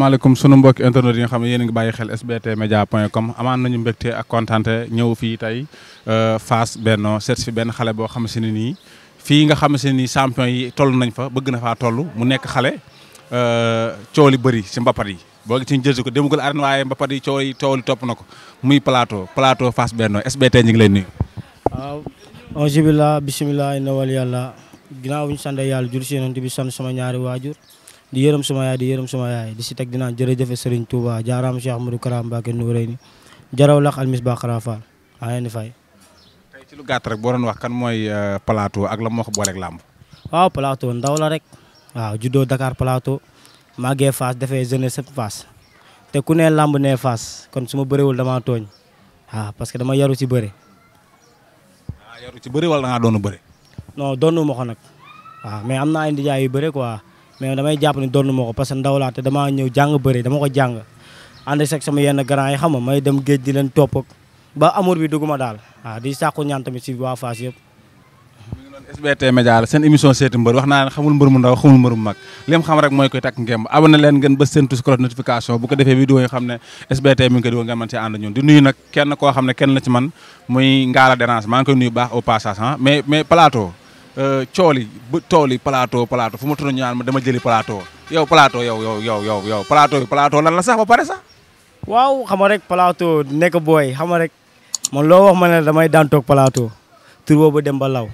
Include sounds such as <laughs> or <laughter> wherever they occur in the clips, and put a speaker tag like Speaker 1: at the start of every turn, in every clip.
Speaker 1: asalaamaaleykum sunu mbokki internet yi nga xam ne yéen a ngi bàyyi xel sbt média point com amaan nañu mbégte ak kontante ñëw fii tey euh, Fass Benno seet fi benn xale boo xam si ne nii fii nga xam si ni nii yi toll nañ fa bëgg na faa mu nekk xale euh, coow li bëri si yi boo gi ci ko demagul arène waaye mbapat yi coow ko muy plateau plateau Fass Benno ñu ngi leen nuyu
Speaker 2: waaw angibillah bisimillah inna wal yàlla ginnaaw ñu sama ñaari waajur di yërëm sama yaay di yërëm sama yaay di si teg dinaan jërëjëfe Serigne Touba jaaraam Cheikh Amadou Karam Mbacké Noreyni jaraw lax almisbah xarafa maa leen di fay
Speaker 1: tey ci lu gàtt rek boo doon wax kan mooy euh, plateau ak la moo ko booleeg làmb
Speaker 2: waaw plateau ndaw rek waaw juddoo Dakar plateau màggee Fass defee jeunesse sëpp Fass te ku ne làmb ne Fass kon su ma bëriwul damaa tooñ waaw parce que dama yaru ci bëri
Speaker 1: waaw ah, yaru doonu bëri
Speaker 2: non doonu ma nag waaw mais am naa ay ndijaay yu mais damay jàpp ne doon ma ko parce que ndaw laa te damaa ñëw jàng bëri dama xam nga may dem géej leen topp ba daal waaw di sàkku ñaan tamit si waa Fass
Speaker 1: wax naa ne xamul mbër mu ndaw xamul koy takk ngemb abonné leen ngeen ba seen tous cloche notification bu ko defee koo xam ne kenn la ci man muy ngaala dérange ah. mais mais plateau Euh, cool yi ba tool yi plateau plateau fu ma toll ñaan ma dama jëli plateau yow plateau yow yow yow yow yow plateau plateau lan la sax ba pare sax.
Speaker 2: waaw xam nga rek palaato nekk booy xam nga rek man loo ma ne damay daan toog plateau tur boobu dem ba law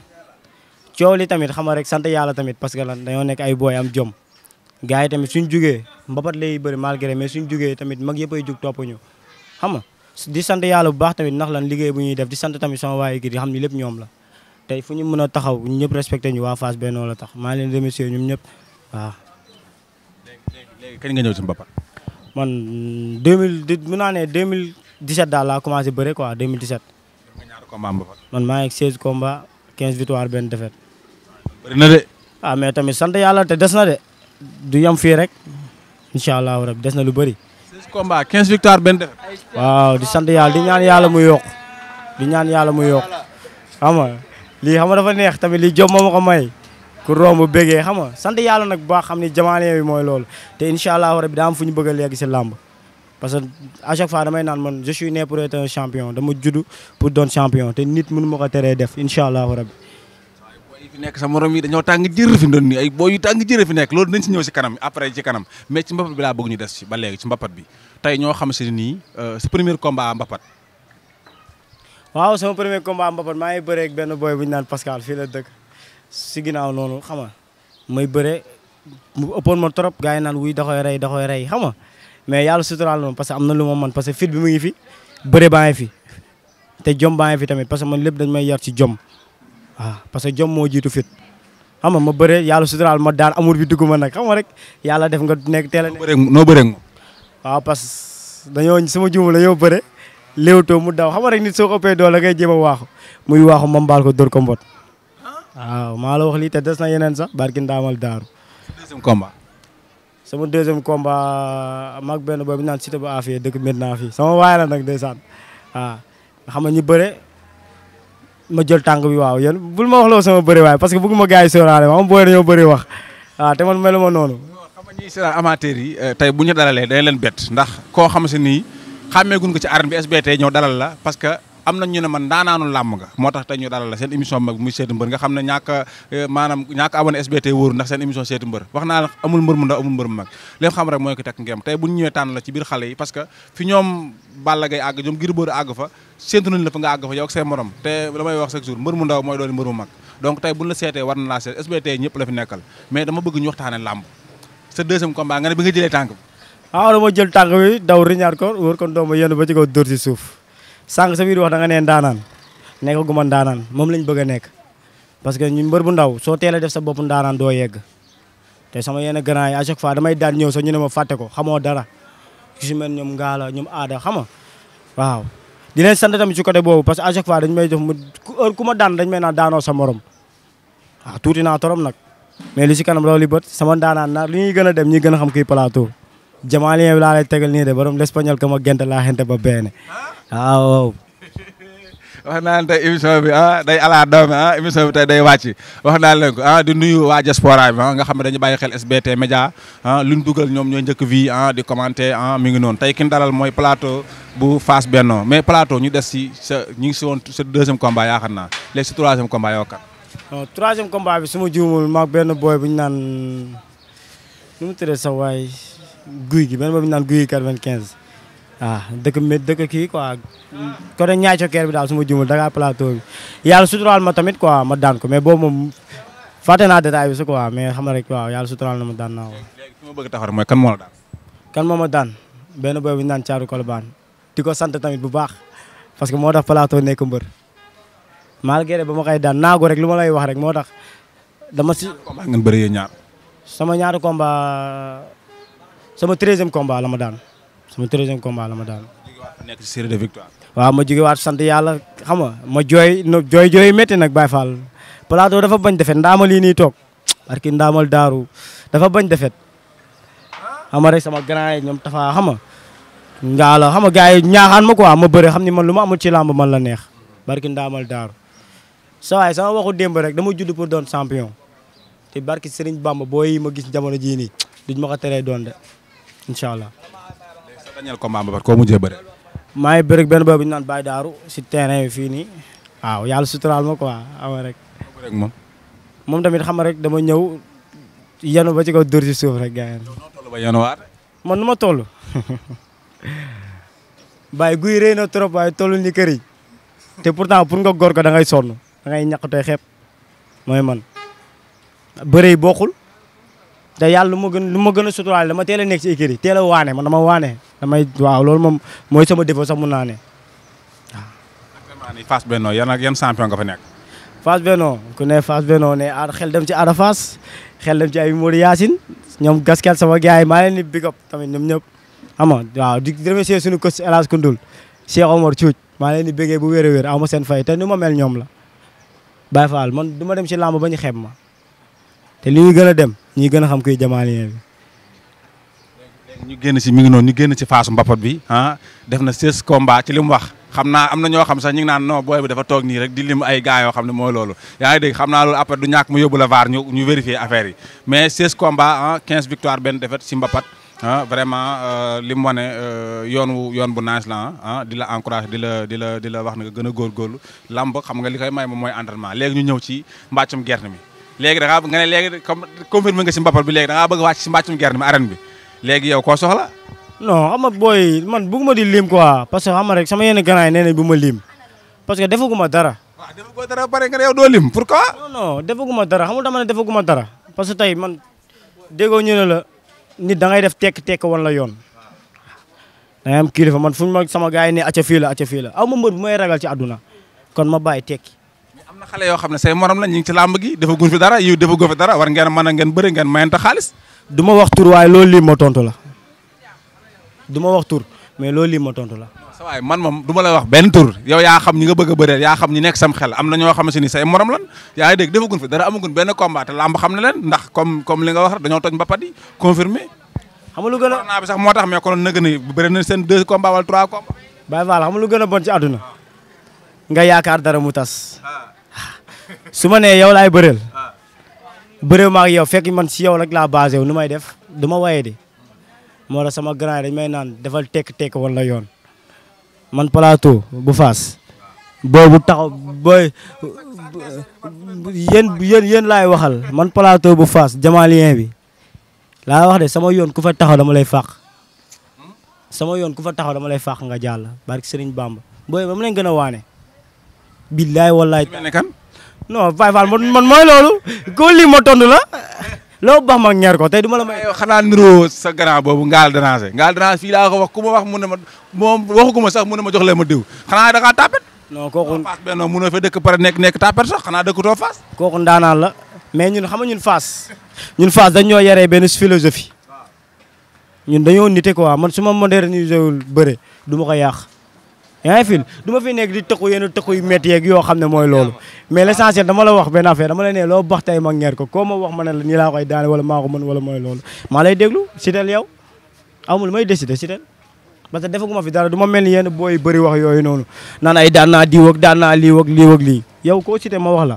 Speaker 2: coow li tamit xam rek sant yàlla tamit parce que lan dañoo nekk ay booy am jom. gars yi tamit suñ jugee mbapat lay bëri malgré mais suñ jugee tamit mag yëpp ay jug topp ñu xam nga di sant yàlla bu baax tamit ndax lan liggéey bu ñuy def di sant tamit sama waaye gi di xam ni lépp ñoom la. tey fu ñu mën a taxaw ñu ñëpp respecté ñu waa Fass Benno la tax maa leen remercier ñoom ñëpp waaw.
Speaker 1: léegi kañ nga ñëw ci Mbapat.
Speaker 2: man 2000 naa ne 2017 daal laa commencé bëre quoi 2017. man maa ngi 16 combats 15 victoire benn défaite. bëri na de. ah mais tamit sant yàlla te des na de. du yam fii rek incha allah rabi des na lu bëri. 16 combats 15 victoire benn waaw di sant yàlla di ñaan yàlla mu yokk di ñaan yàlla mu yokk lii xam nga dafa neex tamit lii jom moo ma ko may ku romb bégee xam nga sant yàlla nag bu xam ni jamaane bi mooy loolu te incha allahu rabi daa am fu ñu bëgg léegi si làmb parce que à chaque fois naan man je suis né pour être un dama judd pour doon champion te nit mënu ma ko teree def incha allahu rabi
Speaker 1: fi nekk sa morom yi dañoo tàng jër fi doon ni ay boo yu tàng jër fi nekk loolu dinañ si ñëw si kanam après ci kanam mais ci mbapat bi laa bëgg ñu des ci ba léegi ci mbapat bi tey ñoo xam si nii euh, sa premier combat mbapat
Speaker 2: waaw sama premier combat mbapat maa ngi bëree benn boy bu ñu naan Pascal fii la dëkk si ginnaaw noonu xam nga may bëre mu ëppoon ma trop gars yi naan wuy da rey da koy rey xam mais yàlla suturaal moom parce que am na lu ma man parce que fit bi mu ngi fi te jom baa fi tamit parce que man lépp dañ may yar ci jom waaw parce que jom moo jiitu fit xam nga ma bëre yàlla suturaal ma daan amur bi dugg ma nag xam rek yàlla def nga nekk teel a. noo bëree dañoo sama juum la bëre. léewtoo mu daw xam nga rek nit soo ko ëppee doole ngay jéem a waaxu muy waaxu ma mbaal ko dóor ko mbot waaw maa la wax lii te des na yeneen sax barki ndaamal daaru deuxième combat sama deuxième combat mag benn boobu naan cité ba affiye dëkk maintenant fii sama waay la nag ndeysaan waaw xam nga ma jël tàng bi waaw yéen bul ma wax loo sama bëri waaye parce que bëgguma gars yi sóoraale ma am booy dañoo bëri wax waaw te man melu ma noonu
Speaker 1: xam nga ñuy sóoraal yi euh, tey bu ñu dalalee day leen bett ndax koo xam si nii xàmmeegun ko ci arène bi SBT ñëw dalal la parce que am nañ ñu ne man daanaanu làmb nga moo tax tey ñu dalal la seen émission mag muy seetu mbër nga xam ne ñàkk eh, maanaam ñàkk abonné SBT wóoru ndax seen émission seetu mbër wax naa amul mu seetee war na laa seet SBT ñëpp la fi nekkal mais dama bëgg ñu waxtaane làmb sa deuxième combat nga ne bi nga jëlee tànk
Speaker 2: Ah, waaw dama jël tànk bi daw riñaat ko wër ko doom ba yenn ba ci kaw dóor si suuf sànq sa biir wax da nga nee ndaanaan nekk guma ndaanaan moom lañ bëgg a nekk parce que ñu mbër bu ndaw soo teel def sa bopp ndaanaan doo yegg te sama yenn grand yi à chaque fois damay daan ñëw sax ñu ne ma fàtte ko xamoo dara su mel ñoom ngaala ñoom aada xam nga waaw di leen sant tamit ci côté boobu parce que à chaque fois dañu may jox ku ma daan dañu may naan daanoo sa morom waaw ah, tuuti naa torom nag mais li si kanam loolu li sama daanaan naa li ñu gën a dem ñi gën a xam kii plateau Jamalien bi laa lay tegal nii de ba benn ah. ah, waaw. <laughs>
Speaker 1: wax naa ne tey émission bi ah day ala doome ah émission bi tey day wàcc wax naa leen ko ah, di nuyu waa diaspora bi nga xam ne dañu bàyyi xel SBT Média ah lu ñu dugal ñoom ñooy jëkk vi ah di commenter ah mi ngi noonu tey kin dalal mooy plateau bu fas Benno mais plateau ñu des si sa ñu ngi si woon sa deuxième combat yaakaar naa léegi si troisième combat yoo kat.
Speaker 2: non bi su ma juumul benn booy bu naan nu mu tëddee waay. guy gi benn boobu ñu naan guy gi quatre-vingt-quinze waaw ah, bi daal su ma jumul Dakar plateau bi yàlla suturaal ma tamit quoi ma daan ko mais boobu moom fàtte naa détail bi si mais xam na rek waaw yàlla suturaal na ma daan naa ko.
Speaker 1: léegi fi ma bëgg taxar mooy kan moo la daan.
Speaker 2: kan moo ma daan benn boobu ñu naan Thiatou Colobane di ko sant tamit bu baax parce que moo tax plateau nekk mbër malgré ba ma koy daan naagu rek lu ma lay wax rek moo tax dama si.
Speaker 1: combat ngeen bëree ñaar.
Speaker 2: sama sama treizième combat la ma daan sama treizième combat la ma daan. waaw ma jóge waat sant yàlla xam ma jooy jooy jooy métti nag Baye Fall plateau dafa bañ defet ndaamal yi nii toog parce que ndaamal daaru dafa bañ defet xam rek sama grand yi ñoom tafa xam nga ngaa la xam nga gars yi ñaaxaan ma ko ma bëre xam ni ma lu ma amul ci man la neex barki ndaamal daaru sa waay sama waxu démb rek dama judd pour doon champion te barki Serigne Bamba booy ma gis jamono jii nii ma ko teree doon de incha allah. léegi
Speaker 1: sa dañeel combat
Speaker 2: maa ngi bëreeg benn boobu ñu naan Baye Daaru si terrain bi fii nii waaw yàlla suturaal ma quoi awa rek. moom. tamit xam rek dama ñëw yanu ba man nu ma toll. Baye guy rëy trop waaye tollul ni kër yi te pourtant pour nga gor ko da ngay sonn da ngay ñaq tey te yàlla lu ma gën lu ma gën a a nekk ci écurie yi teel a waane ma dama waane damay waaw loolu moom mooy sama défaut sax mun naa ne
Speaker 1: waaw. Fass Benno yan ak yan champion nga fa nekk.
Speaker 2: Fass Benno ku ne Fass Benno ne aar xel dem ci Ada Fass xel dem ci ay Modou Yacine ñoom gaskel sama gars yi maa leen di big up tamit ñoom ñëpp xam nga waaw di remercier suñu coach El Hadj Koundoul Cheikh maa leen di bëggee bu wér a wér aw ma seen fay te nu ma mel ñoom la Baye Fall man du ma dem ci làmb ba ñu xeeb ma. te li ñuy gën a dem ñuy gën a xam kuy Jamalien bi.
Speaker 1: ñu génn si mi ngi noonu ñu génn si phase mbapat bi ah def na 16 combats ci li mu wax xam naa am na ñoo xam sax ñu ngi naan non booy bi dafa toog nii rek di lim ay gars yoo xam ne mooy loolu yaa ngi xam naa loolu après du ñàkk mu yóbbu la VAR ñu ñu vérifier affaire yi mais 16 combats ah 15 victoire benn défaite si mbapat ah vraiment euh, li mu wane euh, yoon wu yoon bu naaj la ah di la encouragé di la di la di la wax na nga gën a góorgóorlu lamb xam nga li koy may moom mooy entraînement léegi ñu ñëw ci mbàccum gerte mi léegi da ngaa nga ne léegi comme confirmé nga si mbappal bi léegi da ngaa bëgg wàcc si
Speaker 2: mbàccum gerte mi arène bi léegi yow koo soxla non xam nga booy man ma di lim quoi parce que xam rek sama yenn ganaay nee nañ bu ma lim parce que defaguma dara waaw defaguma dara pare nga ne yow doo lim pourquoi non non defaguma dara xamul dama ne defaguma dara parce que tey man déggoo ñu ne la nit dangay def tekk-tekk wan la yoon da ngay am kilifa man fu ñu ma sama gars yi ne acca fii la acca fii la aw ma mbër bu may ragal ci àdduna kon ma bàyyi tekki am yoo xam
Speaker 1: ne say morom a ngeen bëri ngeen mayante xaalis
Speaker 2: du ma wax tur waaye ma
Speaker 1: wax tur mais loolu lii ma tontu la sa waay man moom du ma lay wax benn tur yow yaa xam ñi nga bëgg a yaa xam ñi nekk sam xel am na ñoo xamante ni say morom lan yaa ngi dégg defagun fi dara amagun benn combat te làmb xam na leen ndax comme comme li nga wax rek dañoo toj mbapat yi confirmé xam nga lu gën a naa bi tax mais kon na seen deux combats wala trois combats.
Speaker 2: Baye Fall xam nga lu gën a bon ci àdduna nga yaakaar dara mu tas. Ah. su ma nee yow laay bëreel ah. bëreel ma ak yow fekk man si yow rek laa basé wu nu may def du ma waye de moo tax sama grand dañ may naan defal tekk-tekk wala yoon man palaato bu faas boobu taxaw booy yéen yéen yéen laay waxal man palaato bu faas jamalien bi laa wax de sama yoon ku fa taxaw dama lay fàq sama yoon ku fa taxaw dama lay fàq nga jàll barki Sëriñ Bamba booy ba mu leen gën waane billaay wallaay non Baye Fall man man mooy loolu ko lii ma tontu la loo baax ma ñaar ko te duma la ma
Speaker 1: yow xanaa niroo sa grand boobu ngaal déranger ngaal déranger fii laa ko wax ku ma wax mu ne ma moom waxu ma sax mu ne ma jox leen ma diw xanaa da ngaa tàppet. non kooku Fass benn mun na fa dëkk pare nekk nekk tàppet sax xanaa dëkk
Speaker 2: too Fass. kooku ndaanaan la mais ñun xam nga ñun Fass ñun Fass dañ ñoo yaree benn philosophie ñun dañoo nit ko quoi man su ma modernisé wul bëre du ma ko yàq. yaa ngi fi ma fi nekk di tëkku yenn tëkku yu métti yeeg yoo xam ne mooy loolu mais l'essentiel dama la wax benn affaire dama la ne loo bax tey ma ngeer ko koo ma wax ma ne la nii laa koy daane wala maa ko mën wala mooy loolu maa lay déglu Siteu yow amul may fi dara du mel ni yenn booy bëri wax yooyu noonu naan ay daan naa ak daan naa lii ak lii ak lii yow koo Siteu ma wax la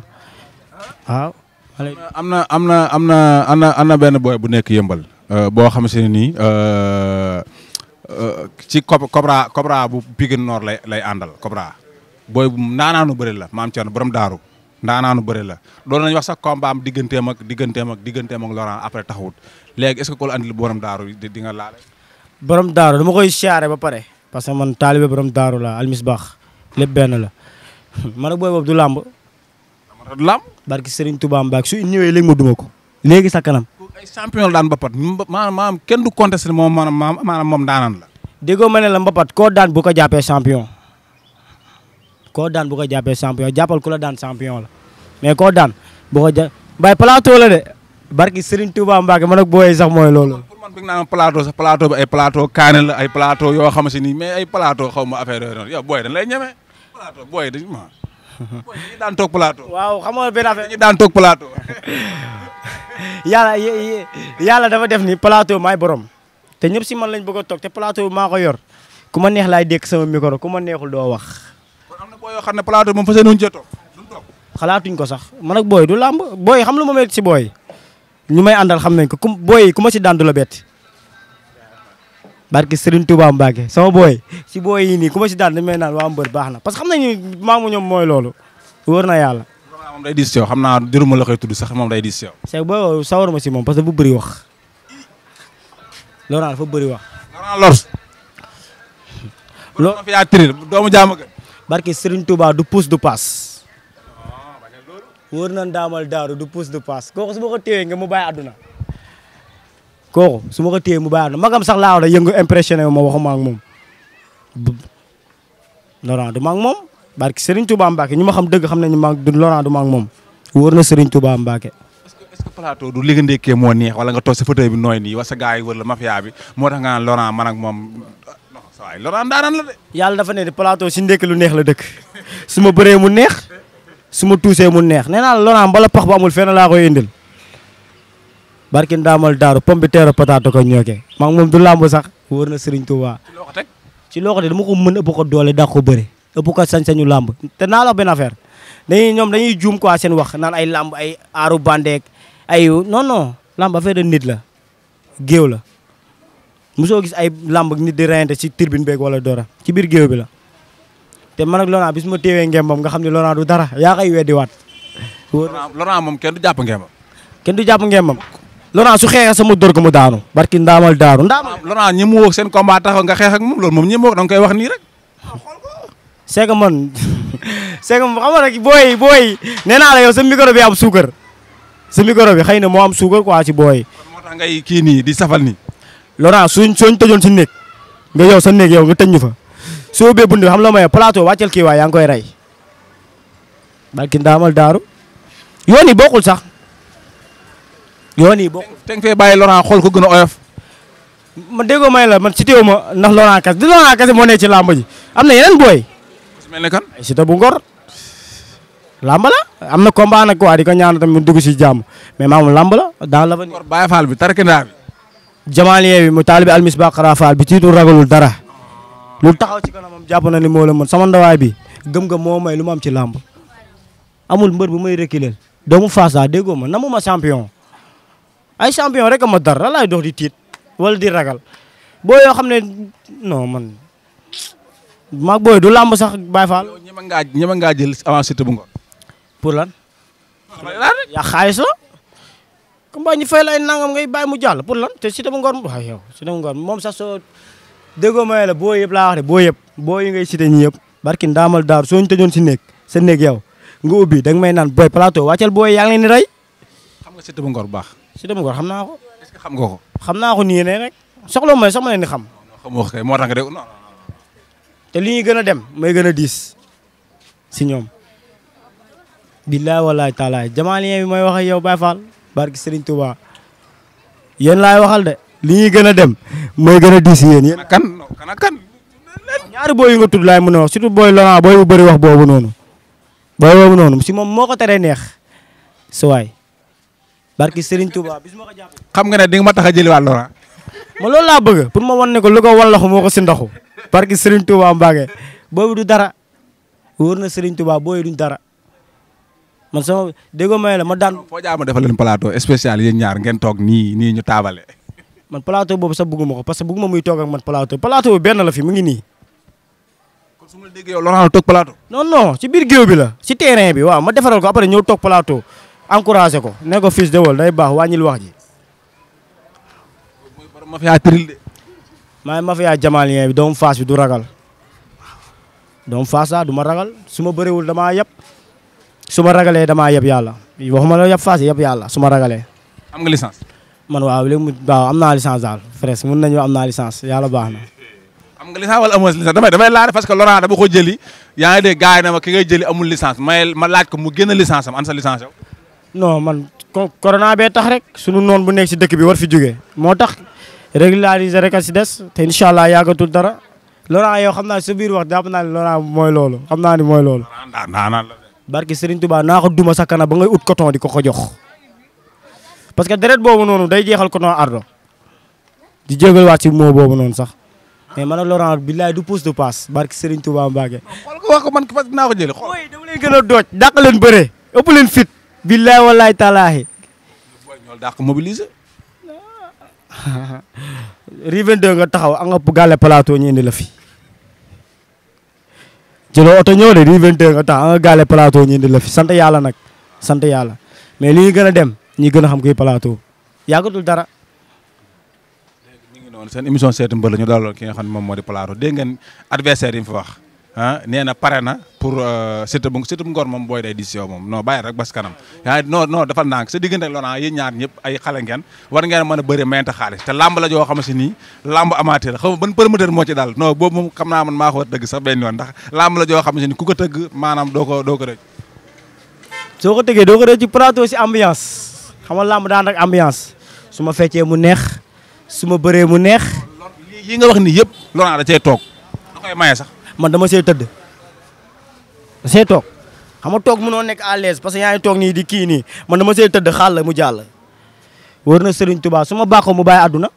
Speaker 2: am na am na am na am na am na benn booy bu nekk yëmbal
Speaker 1: euh, boo xam si ne nii euh, Euh, ci Cobra Cobra bu Pikine Nord lay lay àndal Cobra booy bu ndaanaanu bëri la maam Thierno borom daaru ndaanaanu bëri la doon nañu wax sax combat am digganteem ak digganteem ak digganteem après taxawut léegi est-ce que koo andil borom daaru di nga laale.
Speaker 2: borom daaru dama koy siyaare ba pare. parce que man taalibe borom daaru la almisbaax lépp benn la <laughs> man ak booy boobu du làmb. du làmb. barki Serigne Touba Mbacke su ñëwee léegi ma duma ko léegi sa kanam. ay champion la daan mbapat maanaam maanaam kenn du contesté moom maanaam maanaam moom daanaan la. déggoo ma ne la mbapat koo daan bu ko jàppee champion koo daan bu ko jàppee champion jàppal ku la daan champion la mais koo daan bu ko ja la de barki Serigne Touba Mbacke man booyee sax mooy loolu. pour
Speaker 1: man bëgg naa plateau sax plateau bi ay plateau kaane la ay plateau yoo xam si ni mais ay plateau xaw ma affaire yooyu noonu yow booy ñeme plateau booy dañ ma.
Speaker 2: ñu daan toog plateau. waaw xam nga benn affaire daan toog plateau. <laughs> yàlla yàlla dafa def nii plateau may borom te ñëpp si man lañ bëgg a toog te plateau bi maa ko yor ku ma neex laay dékk sama micro ku ma neexul doo wax. am na booy yoo xam ne palaato moom fas yéene cee toog duñ xalaatuñ ko sax man ak booy du làmb booy xam lu ma metti si booy ñu may àndal xam nañ ko ku booy ku ma si daan du la bett. barki Serigne Touba Mbacke sama booy si booy yi nii ku ma si daan dañu may naan waa na parce que xam nañu maa mu ñoom mooy loolu wóor na yàlla. moom day
Speaker 1: diis si yow xam naa jëruma la koy tudd sax moom day diis si yow.
Speaker 2: Cheikh booy sawar ma moom parce que dafa bëri wax Laurent dafa doomu jaam ak. barki Serigne Touba du pousse du passe. Oh, wóor na daamal daaru du pousse du passe kooku su ma ko téyee nga mu bàyyi àdduna. kooku su ma ko téye mu baax na magam sax laaw la yëngu impressionné ma waxuma ak moom Laurent du ma ak moom barki Serigne Touba Mbacke ñu ma xam dëgg xam nañu ma du ma ak moom wóor na Serigne Touba Mbacke.
Speaker 1: est-ce du li nga moo neex wala nga toog sa bi nooy nii wala sa gars yi wër la mafia bi moo tax nga naan Laurent moom non sa waay la de. yàlla
Speaker 2: dafa ne plateau si ndékki lu neex la dëkk su ma bëree mu neex su ma tuusee mu neex nee naa la Laurent mbala pax bu amul fenn laa indil. barki ndaamal daaru pomme bi teero patato ko ñooke maa ngi moom du làmb sax wóor na Serigne Touba ci loxo te dama ko mën ëpp ko doole daa ko bëri ëpp ko sañ-sañu làmb te naa la wax benn affaire dañuy ñoom dañuy juum quoi seen wax naan ay làmb ay aaru bandeek ay non non làmb affaire de nit la géew la mu soo gis ay lamb nit di reyante ci tribune beeg wala dora ci biir géew bi la te man ak Laurent bis ma téewee ngembam nga xam ne Laurent du dara yaa koy weddi waat. moom jàpp ngembam. kenn du jàpp ngembam. Laurent su xeexee sama dóor ko mu daanu barki ndaamal daaru
Speaker 1: ndaamal Laurent ñi mu woo seen combat taxaw nga xeex ak moom loolu moom ñi mu woo da nga koy wax nii rek
Speaker 2: c'est que man <laughs> nga rek booy booy nee bi am suukar sa micro bi xëy na moo am suukar quoi ci booy moo tax ngay kii nii di safal nii Laurent suñ sooñ tëjoon si néeg nga yow sa néeg yow nga tëj ñu fa soo bee bunt bi xam la may plateau wàccal kii waay yaa ngi koy rey barki ndaamal daaru yoon yi bokkul sax yoon yi bokk te nga fee bàyyi Laurent xool ko a oyof. ma déggoo may la man cité ma ndax Laurent Kass di Laurent Kass moo ne ci làmb am na yeneen booy. su mel ne bu ngor. làmb am na combat nag quoi di ñaan tamit mu dugg si jàmm mais maam làmb la dans l'avenir. ngor Baye Fall bi tarkindaa bi. Jamaliye bi mu taalibi almis bi tiitul ragalul dara. lu taxaw ci kanamam jàpp na ni moo la mën sama ndawaay bi gëm-gëm moo may lu ma am ci làmb amul mbër bu may reculer doomu Fass daa déggoo ma namu ma champion. ay champion rek a ma dar la laay dox di tiit wala di ragal boo yoo xam ne non man booy du làmb sax Baye Fall. ñeme ngaa ñeme ngaa jël avant Siteu bu Ngor. pour lan. yaa xaalis la. comme ba ñu fay la ay nangam ngay bàyyi mu jàll pour lan te Siteu bu Ngor yow Siteu bu moom sax soo déggoo may la boo yëpp laa wax de boo yëpp boo yi ngay yëpp. barki ndaamal daaru soo ñu si néeg sa néeg yow nga ubbi danga may naan booy plateau wàccal booy yaa xam nga Siteu bu Ngor bu baax. si dem gor xam naa ko. est-ce que xam nga ko. xam naa ko nii ne rek soxla mooy sax ma leen di xam. xamoo ko kay moo tax nga de non te li ñuy gën a dem may gën a diis si ñoom. billaay walaay taalaay jamaalien bi mooy wax ak yow Baye Fall barki Serigne Touba yéen laay waxal de li ñuy gën a dem mooy gën a diis yéen yéen. kan bo kan. ñaari booy yu nga tudd laay mën a wax surtout booy Laurent wax boobu noonu. noonu si moom moo ko teree neex su barki Serigne Touba bis ma ko xam nga ne di ma tax a jëliwaat Laurent ma loolu laa bëgg pour ma wan ne ko lu ko wallaxu moo ko si ndoxu barki Serigne Touba Mbacké boobu du dara wóor na Serigne Touba booy duñ dara man sama déggoo may la ma daan. foo jaama defal
Speaker 1: leen plateau spécial yéen ñaar ngeen toog nii nii ñu taabale.
Speaker 2: man plateau boobu sax bëgguma ko parce que bëgguma muy toog man plateau plateau bi benn la fi mu ngi nii. kon su ma la déggee yow Laurent toog plateau. non non ci biir géew bi la. ci terrain bi waaw ma defaral ko après ñëw toog encouragé ko ne ko fils dewal day baax wàññil wax ji. mafia tril de. maay mafia jamalien bi doomu faas bi du ragal. doomu faas laa ah, du ma ragal su ma bëriwul damaa yab su ma damaa yab yàlla waxuma la yab faas yab yàlla su ma ragalee. am nga licence. man waaw léegi mu waaw am baax na. am nga licence wala
Speaker 1: damay damay parce que Laurent dama ko jëli yaa ngi dégg gars yi ma ki ngay jëli amul licence may ma laaj ko mu génn licence am an sa licence
Speaker 2: yow. non man corona bee tax rek sunu noon bu nekk si dëkk bi war fi jógee moo tax régulariser rek a si des te incha allah yàggatul dara Laurent yow xam naa sa biir wax jàpp naa ne Laurent mooy loolu xam naa mooy loolu. barki Serigne Touba naa ko duma sa kana ba ngay ut coton di ko ko jox parce que deret boobu noonu day jeexal coton ardo di jégal waat ci moo boobu noonu sax mais man ak Laurent billaay du pousse de passe barki Serigne Touba Mbacke. xool ko wax ko man fas naa ko jëlee xool. dama leen a dooj dàq leen bëre ëpp leen fit. billaay wallaay talaahi. ñoo dàq mobiliser. <laughs> Riven 2 nga taxaw a nga gaale palaato ñu indi la fi. jëloo oto ñëw de Riven 2 nga taxaw a nga gàlle palaato ñu indi la fi sant yàlla nag sant yàlla mais li ñu gën a dem ñi gën a xam kuy plateau yàggatul dara.
Speaker 1: ñu ngi seen émission seetu mbër la ñu dalaloon ki nga xam ne moom moo di plateau dégg ngeen adversaire yi fi wax ah nee na pare na pour Siteu bu Siteu bu Ngor moom booy day di si moom non bàyyi rek bas kanam yaa non non dafa nànk sa diggante ak Laurent yéen ñaar ñëpp ay xale ngeen war ngeen mën a bëri mayante xaalis te làmb la joo xam si nii làmb amateur xam ban promoteur moo ci daal non boobu moom xam naa man ko war dëgg sax benn
Speaker 2: yoon ndax làmb ko tëgg doo ko doo ko rëcc soo ko tëggee xam nga làmb daan rek ambiance su ma feccee mu neex su ma bëree mu neex yi nga wax ni yëpp Laurent da cee toog da koy maye sax man dama see tëdd da see xam nga toog mënoo nekk à l'aise parce que yaa ngi toog nii di kii nii man dama see tëdd xaal la mu jàll. wër na sëriñ Touba su ma bàqoo mu bàyyi àdduna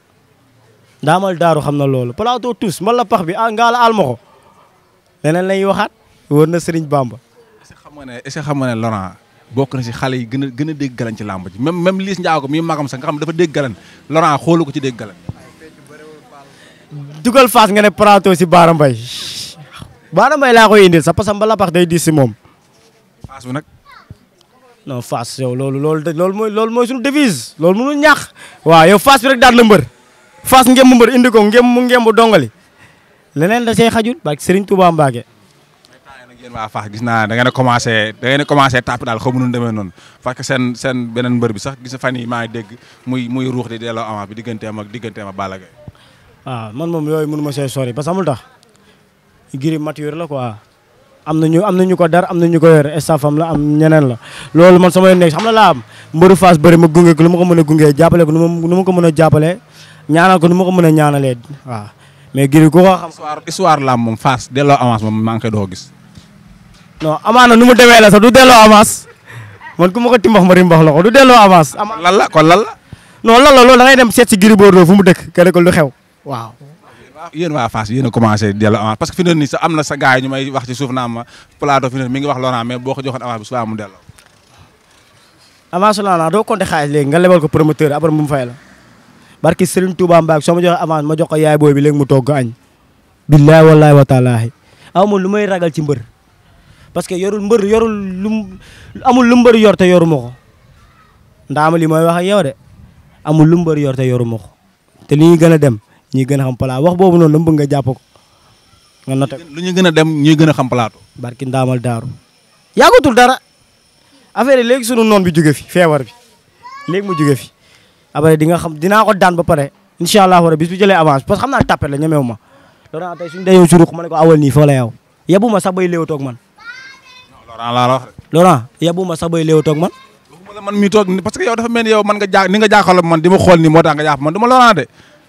Speaker 2: daamal daaru xam na loolu plateau tous mbal la pax bi ah ngaa la àll ma ko leneen lay waxaat wër na Serigne Bamba. est-ce que xam nga ne est-ce xam nga ne Laurent bokk na si
Speaker 1: xale yi gën a gën a dégg galan ci làmb ji même même Liss Ndiago mi magam sax nga xam dafa dégg galan Laurent xoolu ko ci dégg
Speaker 2: galan. dugal Fass nga ne plateau si Baara Baara Mbaye laa koy indil sax parce que mbalapax day diis si moom. Fass bi nag. non Fass yow loolu loolu de loolu mooy loolu mooy suñu devise loolu mënul ñàkk. waaw yow Fass bi rek daan na mbër Fass ngemb mbër indi ko ngemb mu dongali leneen da say xajul ba Serigne Touba Mbacke.
Speaker 1: yéen waa Fass gis naa da ngeen a commencé da ngeen a commencé tàpp daal xamu nu demee noonu parce que seen seen beneen mbër bi sax gis fan yi maa ngi dégg muy muy ruux di delloo amaat bi digganteem ak digganteem ak Balla Gaye.
Speaker 2: waaw ah, man moom yooyu mënu ma see sori parce que amul tax. Gris mature la ko am na ñu am na ñu ko dar am na ñu ko yor estafam la am ñeneen la loolu man sama yoon nekk xam la laa am mbëru Fass ma gunge ko lu ma ko mën a gungee jàppale ko nu ko mën a jàppalee ñaanal ko nu ma ko mën a ñaanalee waaw mais Gris ku ko xam.
Speaker 1: histoire histoire la moom Fass delloo avance
Speaker 2: moom maa ngi koy doo gis. non amaana nu du delloo avance man ku ma ko timbax ma rimbax la ko du delloo avance. la kon lan la. non la loolu da ngay dem seet si Gris Bordeaux fu mu dëkk kër ko lu xew waaw.
Speaker 1: yéen waa Fass yéen a commencé dellu lo parce que fi mu ne nii sa am na sa wax ci suuf naa ma plateau fi mu ne wax Laurent mais boo ko joxoon avance bi suba mu delloo.
Speaker 2: doo compter xaalis nga lebal ko promoteur après mu fay la. barki Serigne Touba Mbacke soo ma joxee avance ma jox ko yaay booy bi léegi mu togg añ. billahi wallahi wa taalaahi amul lu may ragal ci mbër. parce que yorul mbër yorul lu lu mbër yor te yoruma ko ndaama li mooy wax yow amul lu mbër yor te yoruma ko te li gën a dem. ñuy gën a xam Palato wax boobu noonu dama bëgg nga jàpp nga noté lu ñu gën a dem gën xam palaat barki ndaamal daaru yàggatul dara affaire yi léegi sunu noon bi jóge fi feebar bi léegi mu jóge fi après di nga xam dinaa ko daan ba pare incha allahu rabi bis bu jëlee avance parce que xam naa tapet la ñemewu ma Laurent tey suñu dayoo suruq ma ne ko awal nii foo la yow yabu ma sax bay léew toog man Laurent laa la ma sax bay toog man
Speaker 1: parce que yow dafa mel ni man nga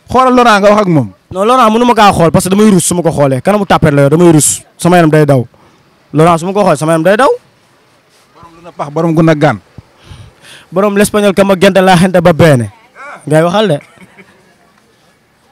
Speaker 2: xoolal Laurent nga wax ak moom. non Laurent mënu ma kaa xool parce que damay rus su ko xoolee kanamu tàppet la yow damay rus sama yaram day daw Laurent su ma ko xoolee sama yaram day daw. borom lu na pax borom gu na gaan. borom l'espagnol ka ma gente laa xente ba beene ngay waxal de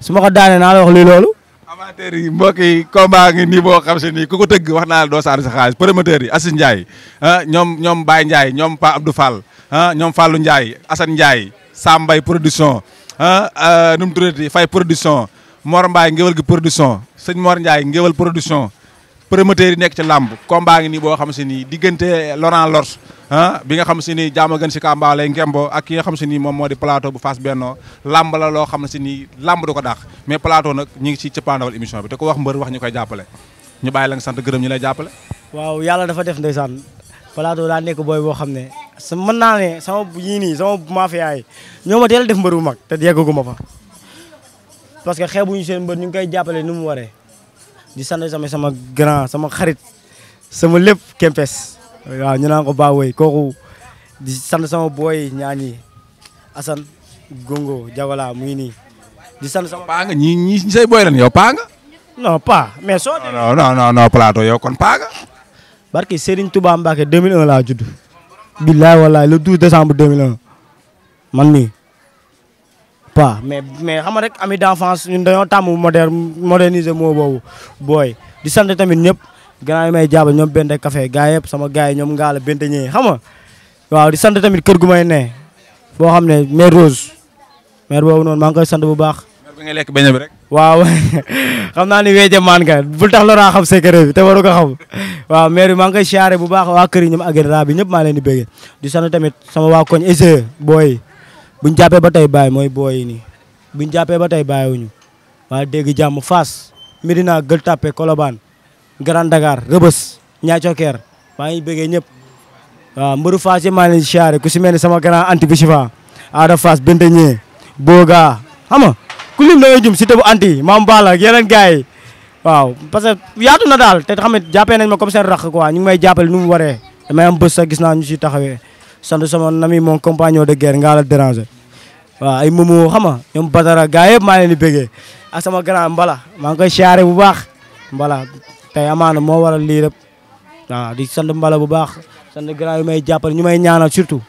Speaker 2: su ma ko daanee naa la wax lii loolu. amateur yi mbokk yi ngi nii boo xam si
Speaker 1: nii ku ko tëgg wax naa la doo saari sa xaalis promoteur yi Assis Ndiaye ah ñoom ñoom Baye Ndiaye ñoom Pa Abdou Fall ah ñoom Fallou Ndiaye Assane Ndiaye Sambay production. Ah, ah nu mu tuddati fay production Mor Mbaye ngéwal gi production sëñ Mor Ndiaye ngéwal production promoteurs yi nekk ci làmb combat ngi nii boo xam si ni diggante Laurent Lors ah bi nga xam si ni jaama gën si kàmbaa lay ngembo ak ki nga xam si ni moom moo di plateau bu Fass Benno làmb la loo xam si ni làmb du ko dàq mais plateau nag ñu ngi ci cëppaandawal émission bi te ko wax mbër wax ñu koy jàppale ñu bàyyi la nga gërëm ñu lay jàppale
Speaker 2: waaw yàlla dafa Plateau daa nekk booy boo xam ne sa mën naa ne sama yii nii sama mafia yi ñoo ma teel def mbër bu mag te yeggaguma fa. parce que xeebuñu seen mbër ñu ngi koy jàppale ni mu waree di sant sama sama grand sama xarit sama lépp kempes waaw ñu naan ko baawoy kooku di sant sama booy ñaan yi Assane Gongo Jawala mu ngi nii
Speaker 1: di sant sama. paa nga ñii booy lan yow paa nga. non paa mais soo. non non
Speaker 2: non kon paa nga. barki Serigne Touba Mbacke 2001 laa judd. billaay wallaay le 12 décembre 2001 man mi pas mais mais xam nga rek ami d'enfance ñun dañoo tàmm moderne moderniser moo boobu booy. di sant tamit ñëpp gannaaw yi may jaabal ñoom Bente Café gaa yëpp sama gaa yi ñoom ngaala Bente ñee xam waaw di sant tamit kër gu may ne boo xam ne mère Rose mère boobu noonu maa ngi koy sant bu baax. mère lekk beñe bi rek. waaw xam naa ni weeje maan nga bul tax loraa xam secret bi te waru ko xam waaw maire bi maa ngi koy siyaare bu baax waa kër yi ñoom agrra bi ñëpp maa leen di bëgge di tamit sama waa koñ ese booy buñ jàppee ba tey bàyyi mooy booy yi nii buñ jàppee ba tey bàyyiwuñu waa dégg fas Fass Médina Gueule Tapée Colobane Grand Dakar Rebeuss ñaacokeer maa ngi bëggee ñëpp waaw mbëru Fass yi maa ku si mel ni sama grand anti bi si aada Fass bente ñee boogaa xam ku lim da ngay jum Siteu bu anti maam Balla ak yeneen gars yi waaw parce yaatu na daal te xam ne jàppee nañ ma comme seen rax quoi ñu ngi may jàppale nu mu waree damay am sa gis naa ñu si taxawee sant sama nami moom compagnon de guerre ngaa la déranger waaw ay momo xam nga ñoom Badara gars yëpp maa leen di bëggee ak sama grand Mbala maa ngi koy siyaare bu baax Mbala tey amaana moo waral lii waaw di sant Mbala bu baax sant grand yu may jàppale ñu may ñaanal surtout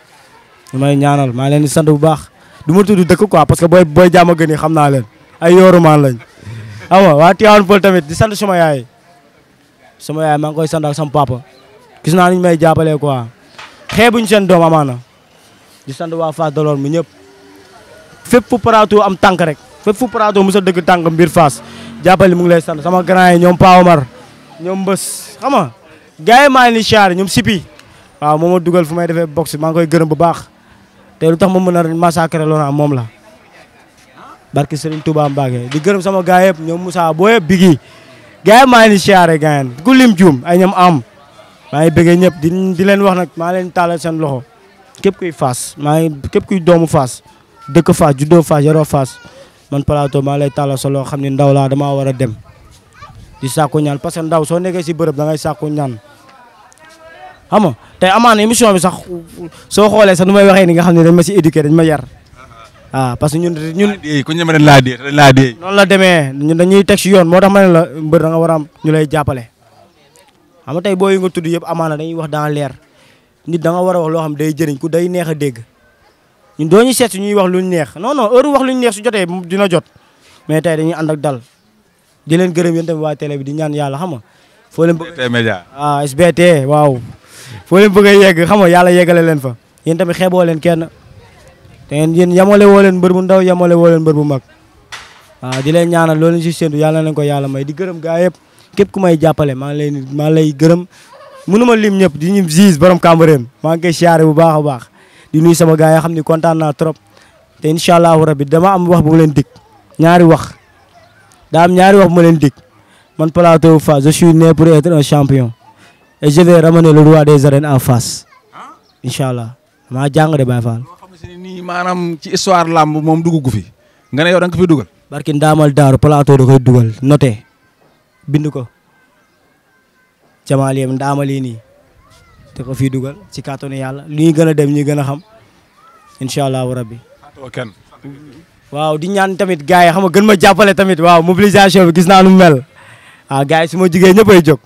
Speaker 2: ñu may ñaanal maa baax du ma tudd dëkk quoi parce que booy booy jàmm gën yi xam naa leen ay yoorumaan lañ xam nga waa Tivaouane Peulh tamit di sant sama yaay sama yaay maa ngi koy sant ak sama papa gis naa ni ñu may jàppalee quoi xeebuñ seen doom amaana di sand waa Fass Delorme mi ñëpp fépp fu Plateau am tànk rek fépp fu Plateau mu sa dëgg tànk mbir Fass jàppale mu ngi lay sant sama grand yi ñoom Pa Omar ñoom Mbës xam nga maa ngi ni ñoom Sipi waaw moom ma dugal fu may defee boxe maa ngi koy gërëm bu baax. te lu tax ma mën a massacrer Laurent moom la barki Serigne Touba Mbacké di gërëm sama gaay yëpp ñoom Moussa Boye Biggi gaay maa ngi siyaare gaay ku lim juum ay ñoom am maa ngi bëggee ñëpp di di leen wax nag maa leen taalal seen loxo képp kuy Fass maa ngi képp kuy doomu Fass dëkk Fass juddoo Fass yaroo Fass man plateau maa lay taalal sa loxo xam ni ndaw laa damaa war a dem di sàkku ñaan parce ndaw soo nekkee si bërëb da ngay sàkku ñaan xam nga tey amaana émission bi sax soo xoolee sax nu may waxee ni nga xam ne dañ ma si éduqué dañ ma yar waaw parce que ñun
Speaker 1: ñun ku ñeme dañ laa dee
Speaker 2: dañ noonu la demee ñun dañuy teg si yoon moo tax ma ne la mbër da nga war am ñu lay jàppale xam nga tey boo yi nga tudd yëpp amaana dañuy wax dans leer nit da nga war a wax loo xam day jëriñ ku day neex a dégg ñun doo ñu seet si ñuy wax luñ neex non non heure wax ñu neex su jotee dina jot mais tey dañuy ànd ak dal di leen gërëm yéen tamit waa télé bi di ñaan yàlla xam nga foo leen foo bëgg a yegg xam nga yàlla yeggale leen fa yéen tamit xeeboo leen kenn te ngeen yéen yamale woo leen mbër bu ndaw yamale woo leen mbër bu mag waaw di leen ñaanal loolu ñu si séntu yàlla nañ ko yàlla may di gërëm gaa yëpp képp ku may jàppale maa ngi lay maa ngi lay gërëm mënuma lim ñëpp di ñu gis borom Cambérène maa ngi koy bu baax a baax di nuyu sama gaa yi xam ni kontaana trop te incha allahu rabbi dama am wax bu ma leen dig ñaari wax daa ñaari wax bu ma leen dig man plateau fa je suis et je vais ramener le roi des arènes en face incha allah maa jàng de Baye
Speaker 1: maanaam ci histoire làmb moom dugg gu fi nga ne yow da nga dugal.
Speaker 2: barki ndaamal daaru plateau da koy dugal noté bind ko jamaal yem ndaamal yi nii da ko dugal ci kàttanu yàlla li ñuy gën a dem ñuy gën a xam incha allahu rabbi. waaw di ñaan tamit gars yi xam nga gën ma jàppale tamit waaw mobilisation bi gis naa nu mel waaw ah, gars yi su ma jugee ñëppay jóg.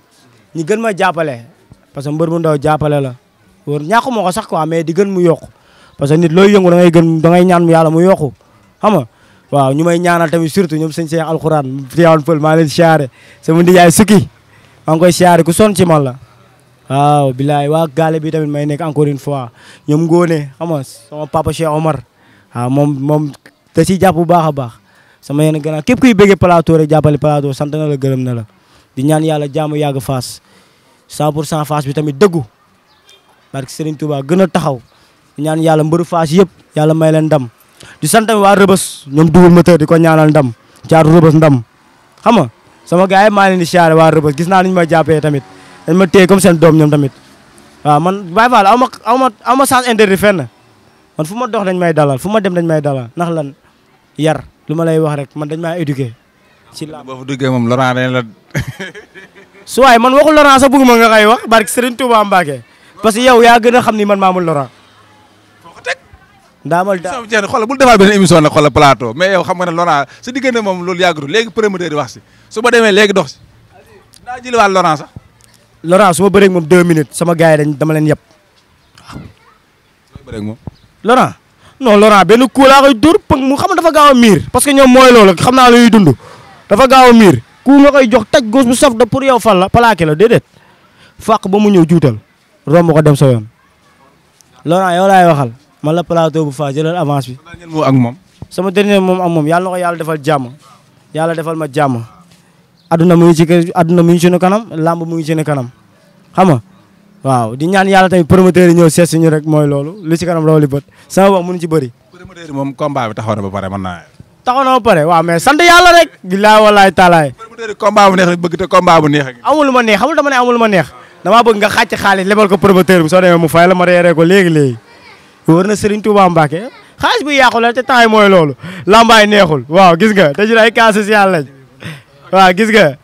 Speaker 2: ñi gën ma jàppale parce que mbër mu ndaw jàppale la wóor ñàkku ma ko sax quoi mais di gën mu yokku parce que nit looy yëngu da ngay gën da ngay ñaan mu yàlla mu yokku xam nga waaw ñu may ñaanal tamit surtout ñoom sëñ Seex alxuraan teewoon pël maa siyaare sama ndijaay sukki maa ngi siyaare ku son ci la waaw bilaay waa gale bi tamit may nekk encore une fois ñoom ngóone xam nga sama papa Cheikh Omar waaw moom moom da ciy jàpp bu baax a baax sama yenn gannaaw képp kuy bëggee plateau rek jàppale plateau sant na la gërëm na la ñaan yàlla jaamu yàgg faas 100 pour cent Fass bi tamit dëggu barke Serigne Touba gën a taxaw ñaan yàlla mbëru Fass yëpp yàlla may leen ndam di sant waa Rëbës ñoom duwul moteur di ko ñaanal ndam caaru Rëbës ndam xam nga sama gars yi maa leen di siyaare waa Rëbës gis naa ni ñu ma jàppee tamit dañ ma téye comme seen doom ñoom tamit waaw man Baye Fall aw ma aw ma aw ma sens interdit fenn man fu ma dox dañ may dalal fu ma dem dañ may dalal ndax lan yar lu ma lay wax rek man dañ ma éduqué. ci la <laughs> su waay man waxu Laurent sax bëgguma nga koy wax barke Serigne Touba Mbacke parce que yow yaa gën a xam ni man maamul Laurent. foo
Speaker 1: ko teg. ndaamal daal soo jeexee xoolal bul defaat benn émission nag mais yow xam nga ne Laurent sa diggante moom loolu yàggatul léegi promoteur di wax si su ma demee léegi dox si. daa jëliwaat Laurent sax.
Speaker 2: Laurent su ma bëreeg moom deux minutes sama gars yi dañ dama leen yëpp waaw. su ma bëreeg benn coup laa koy dóor mu xam dafa gaaw miir parce que ñoom mooy loolu xam naa lu ñuy dund dafa gaaw a miir ku nga koy jox taj góos bu saf da pour yow fal la plaqué la déedéet fàq ba mu ñëw juutal romb ko dem sa yoon. Laurent yow laay waxal man la plateau bu faa jëlal avance bi. ak moom. sama dernier moom ak moom yàlla yàlla defal jàmm yàlla defal ma jàmm. aduna mu ngi ci kër aduna mu ngi ci kanam làmb mu ngi ci kanam xam nga waaw di ñaan yàlla tamit promoteur yi ñëw seet ñu rek mooy loolu li ci kanam raw li bët sama wax ci bëri. promoteur yi moom combat ba pare mën naa taxaw na ba pare waaw mais sant yàlla rek. billaay walaay taalaay. combat bu neex rek bëgg te combat bu neex rek. amul ma neex xamul dama ne amul ma neex dama bëgg nga xàcc xaalis lebal ko promoteur bi soo demee mu fay la ma reeree ko léegi léegi. na Serigne Touba Mbacke xaalis bi yàqu la te temps yi mooy loolu lambaay neexul waaw gis nga te ñun ay cas social lañ waaw gis nga.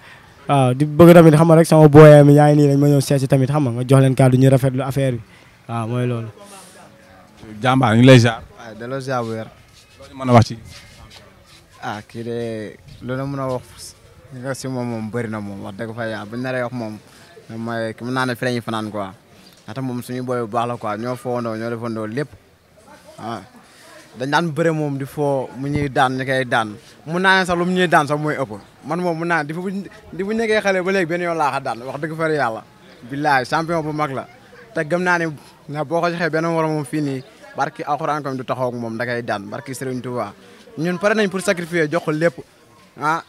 Speaker 2: waaw di bëgg tamit xam nga rek sama booyam yaa ngi nii dañ ma ñëw seet tamit xam nga jox leen kàddu ñu rafetlu affaire bi waaw mooy loolu.
Speaker 1: jàmbaar ñu lay ziar.
Speaker 3: waaw delloo ziar a wax ci. ah kii de lu la mën a wax si moom moom bëri na moom wax dëgg fa yàlla buñ naree wax moom mooy mën naa ne fi la fanaan quoi ndaxte moom suñu booy bu baax la quoi ñoo foondoo ñoo defandoo lépp ah dañ daan bëre moom di foo mu ñuy daan ñu koy daan mun naa ne sax lu mu ñuy daan sax mooy ëpp man moom mun naa di bu di bu nekkee xale ba léegi benn yoon laaxa daan wax dëgg fa yàlla billaay champion bu mag la te gëm naa ne nga boo ko joxee benn war moom fii nii barki alxuraan kom du taxaw ak moom da koy daan barki Serigne Touba ñun pare nañ pour sacrifier jox ko lépp ah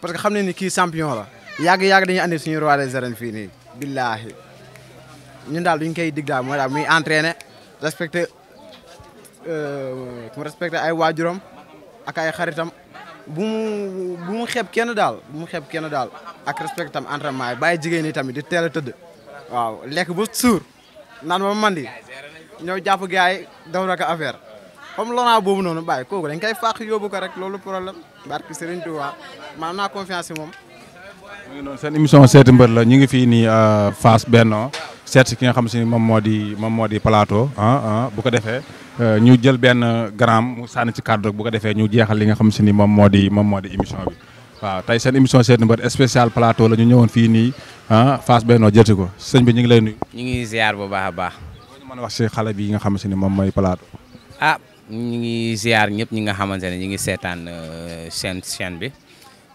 Speaker 3: parce que xam ne ni kii champion la yàgg-yàgg dañuy andi suñu roi des arènes fii nii billaahi ñun daal duñ koy dig daal mooy daal muy entraîner respecter mu euh, respecter ay waajuram ak ay xaritam bu mu bu mu xeeb kenn daal bu mu xeeb kenn daal ak respect tam entraînement yi bàyyi jigéen ñi tamit di teel a tëdd waaw lekk ba suur naan ma mandi ñëw jàpp gars yi daw na affaire comme Laurent boobu noonu bàyyi kooku dañ koy fàq yóbbu ko rek loolu problème barki Serigne Touba maam naa moom. mu ngi noonu seen émission seeti mbër
Speaker 1: la ñu ngi fii nii euh, Fass Benno seet si ki nga xam si ne moom moo di moom moo di plateau ah, ah bu ko defee euh, ñu jël benn gramme mu sànni ci kàddu bu ko defee ñu jeexal li nga xam si ni moom moo di moom moo di émission bi waaw tey seen émission seeti mbër spécial plateau la ñu ñëwoon fii nii ah Fass Benno jëti ko sëñ bi ñu ngi lay nuyu. ñu
Speaker 4: ngi ziar bu baax a baax.
Speaker 1: mën a wax si xale bi nga xam si moom mooy plateau.
Speaker 4: Ah, ñi ngi ziar ñëpp ñi nga xamante ne ñu ngi seetaan euh, seen chaîne bi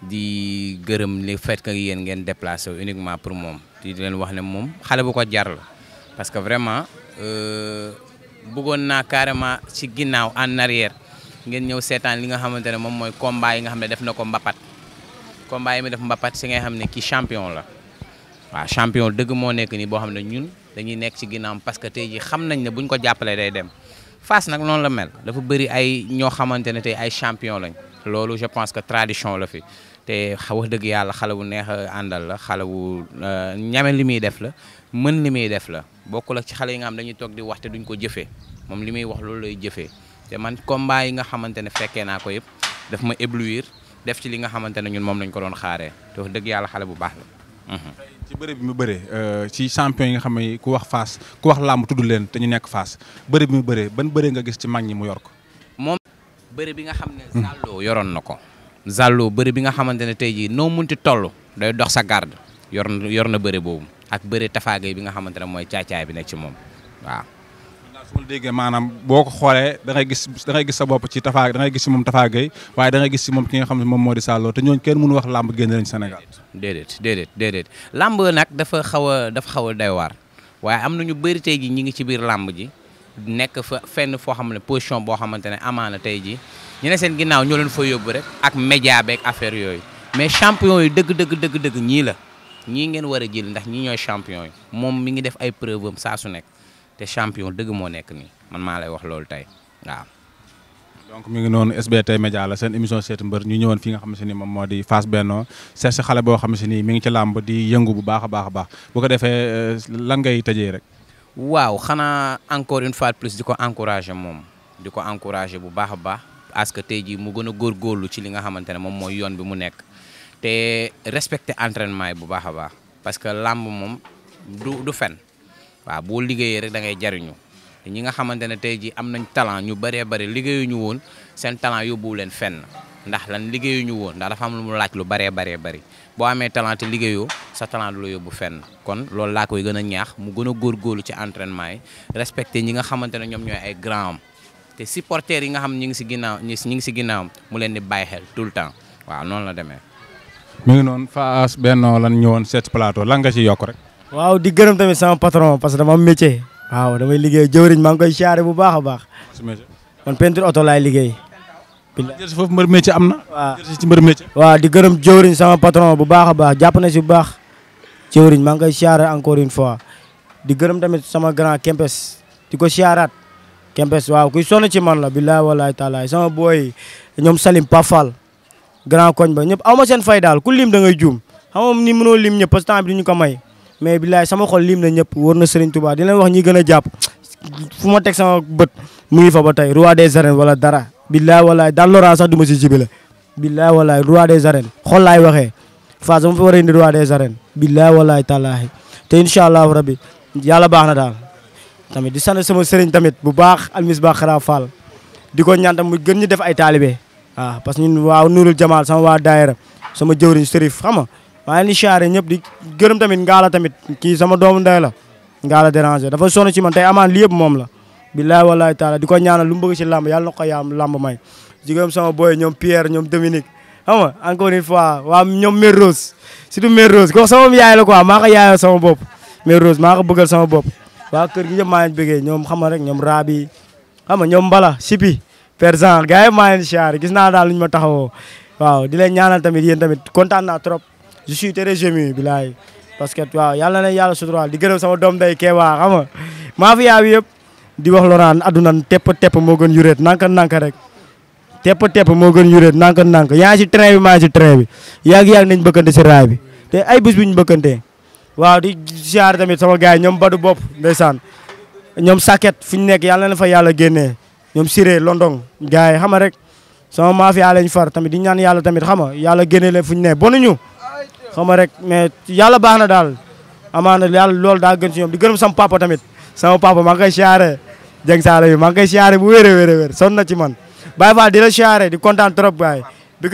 Speaker 4: di gërëm le fait que yéen ngeen déplacé wu uniquement pour moom di leen wax ne moom xale bu ko jar la parce que vraiment euh, bëggoon na carrément ci ginnaaw en arrière ngeen ñëw seetaan li nga xamante ne moom mooy combat yi nga xam ne def na ko mbapat combat yi mi def mbapat si ngay xam ne kii champion la waaw champion dëgg moo nekk nii boo xam ne ñun dañuy nekk ci ginnaawam parce que tey ji xam nañ ne buñ ko jàppalee day dem Fass nag noonu la mel dafa bëri ay ñoo xamante ne tey ay champion lañ loolu je pense que tradition la fi te wax dëgg yàlla xale bu neex àndal la xale bu euh, ñame li muy def la mën li muy def la bokkul ak ci xale yi nga xam dañuy toog di wax te duñ ko jëfee moom li muy wax loolu lay jëfee te man combat yi nga xamante ne fekkee naa ko yëpp daf ma éblouir def ci li nga xamante ne ñun moom lañ ko doon xaaree te wax dëgg yàlla xale bu baax la.
Speaker 1: ci bëre bi mu bëree euh, ci champion yi nga xam ne ku wax fas ku wax làmb tudd leen te ñu nekk Fass bëre bi mu bëree ban bëre nga gis ci mag ñi mu yor ko.
Speaker 4: moom bëre bi nga xam ne. Zallo yoroon na ko. Zallo bëre bi nga xamante ne tey jii noo munti toll day dox sa garde yor na yor na bëre boobu ak bëre tafaagay bi nga xamante ne mooy caacaay bi ne ci moom
Speaker 1: waaw. su ma maanaam boo ko xoolee da gis da gis sa bopp ci tafaa da ngay moom Tafa Gueye waaye da gis si moom ki nga xam ne moom moo di Salo te ñooñu kenn mënu wax làmb génn lañ Sénégal
Speaker 4: déedéet déedéet déedéet làmb nag dafa xaw dafa xaw a doy waaye am na ñu bëri tey ji ñi ngi ci biir làmb ji nekk fa fenn foo xam ne position boo xamante ne amaana tey ji ñu ne seen ginnaaw ñoo leen fa yóbbu rek ak média beeg affaire yooyu mais champion yi dëgg dëgg dëgg dëgg ñii la ñii ngeen war a jël ndax ñi ñooy champion yi moom mi ngi def ay preuve su nekk te champion dëgg moo nekk nii man maa lay wax loolu tey waaw.
Speaker 1: donc mi ngi noonu SBT Média la seen émission seeti mbër ñu ñëwoon fi nga xam se ni moom moo di Fass Benno seet si xale boo xam se ni mi ngi ci làmb di yëngu bu baax a baax a baax bu ko defee euh, lan ngay tëjee rek.
Speaker 4: waaw xanaa encore une fois de di ko encouragé moom di ko encouragé bu baax a baax parce que tey jii mu gën a góorgóorlu ci li nga xamante ne moom mooy yoon bi mu nekk te respecté entraînement bu baax a baax parce que waaw boo liggéeyee rek da ngay jariñu ñi nga xamante ne tey jii am nañ talent ñu bëree bëri liggéeyuñu woon seen talent yóbbuwu leen fenn ndax lan liggéeyuñu woon ndax dafa am lu mu laaj lu bëree bëree bëri boo amee talent liggéeyoo sa talent du la yóbbu fenn kon loolu laa koy gën a ñaax mu gën a góorgóorlu ci entraînement yi respecté ñi nga xamante ne ñoom ñooy ay grand am te supporters yi nga xam ñi ngi si ginnaaw ñi ngi si ginnaawam mu leen di bàyyi xel tout le temps
Speaker 1: waa noonu la demee. mu ngi noonu Fass Benno lan ñëwoon seet plateau lan nga ci yokk rek.
Speaker 2: waaw di gërëm tamit sama patron parce que dama am métier. waaw damay liggéey jëwriñ maa ngi koy siyaare bu baax a baax. man peinture oto laay liggéey. foofu mbër métier am na. waaw ci mbër métier. waaw di gërëm jëwriñ sama patron bu baax a baax jàpp na si bu baax. jëwriñ maa ngi koy siyaare encore une fois. di gërëm tamit sama grand Kempes di ko siyaaraat. Kempes waaw kuy sonn ci man la bilaay walaay taalaay sama booy ñoom Salim Pafal grand koñ ba ñëpp aw ma seen fay daal ku lim da ngay juum xam ni mënoo lim ñu ko may mais billaay sama xol lim na ñëpp wër na Serigne Touba di leen wax ñi gën a jàpp fu ma teg sama bët mu fa ba tey roi des arènes wala dara billaay walaay daal loraan sax du ma si jibile billaay walaay roi des arènes xol laay waxee Fass dama fa war a indi roi des arènes billaay walaay tallaahi te incha allahu rabbi yàlla baax na daal tamit di sant sama sëriñ tamit bu baax almisbah xara fall di ko ñaan mu gën ñu def ay taalibe waaw parce que ñun waaw nurul jamaal sama waa daayira maa ngi leen di siyaare ñëpp di gërëm tamit ngaala tamit kii sama doomu ndey la ngaala déranger dafa sonn ci man tey amaan li yëpp moom la billahi wallahi taala di ko ñaanal lu mu bëgg ci làmb yàlla na ko yaam làmb may di gërëm sama boy ñoom Pierre ñoom Dominique xam nga encore une fois waa ñoom Mère Rose surtout Mère Rose kooku sama yaay la quoi maa ko yaayoo sama bopp Mère Rose maa ko bëggal sama bopp waa kër gi ñëpp maa ngi bëggee ñoom xam nga rek ñoom Rabi xam nga ñoom Mbala Sipi Père Jean gars yi maa ngi leen di siyaare gis naa daal lu ñu ma taxawoo waaw di leen ñaanal tamit yéen tamit kontaan naa trop je suis très ému bilaay parce waaw yàlla na yàlla suturaal di gërëm sama doom day Kéba xam nga maa fi yaa bi yëpp di wax Laurent adduna tepp tepp moo gën yuréet nanka nanka rek tepp tepp moo gën yuréet nanka nanka yaa ngi si train bi maa si train bi yàgg yàgg nañ bëkkante si raay bi te ay bés bu ñu bëkkantee waaw di ziar tamit sama gars yi ñoom bop Bopp ndeysaan ñoom Saket fu ñu nekk yàlla na fa yàlla génnee ñoom Siré London gars yi xam nga rek sama mafia lañ far tamit di ñaan yàlla tamit xam nga yàlla génne leen fu ñu ne bonuñu xam nga rek mais yàlla baax na daal amaana yàlla loolu daa gën ci ñoom di gërëm sama papa tamit sama papa maa ngi koy siyaare Dieng Saala bi maa ngi koy bu wéer a wéer a na ci man Baye Fall di la siyaare di kontaan trop baay big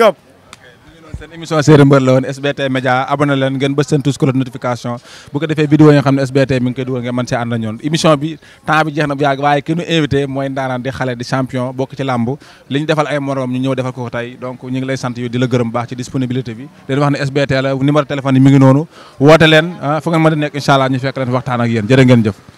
Speaker 1: seen émission séeréer mbër la woon SBT Média abonné leen ngeen bës seen tous cloche notification bu ko defee vidéo yoo xam ne SBT mi ngi ngeen mën see ànd na ñoon émission bi temps bi jeex na waaye ki invité mooy ndaanaan di xale di champion bokk ci làmb li defal ay morom ñu ñëw defal ko ko tey donc ñu lay sant yow di la gërëm baax ci disponibilité bi leen wax ne SBT la numéro téléphone yi mi noonu woote leen ah, fu ngeen mën di nekk incha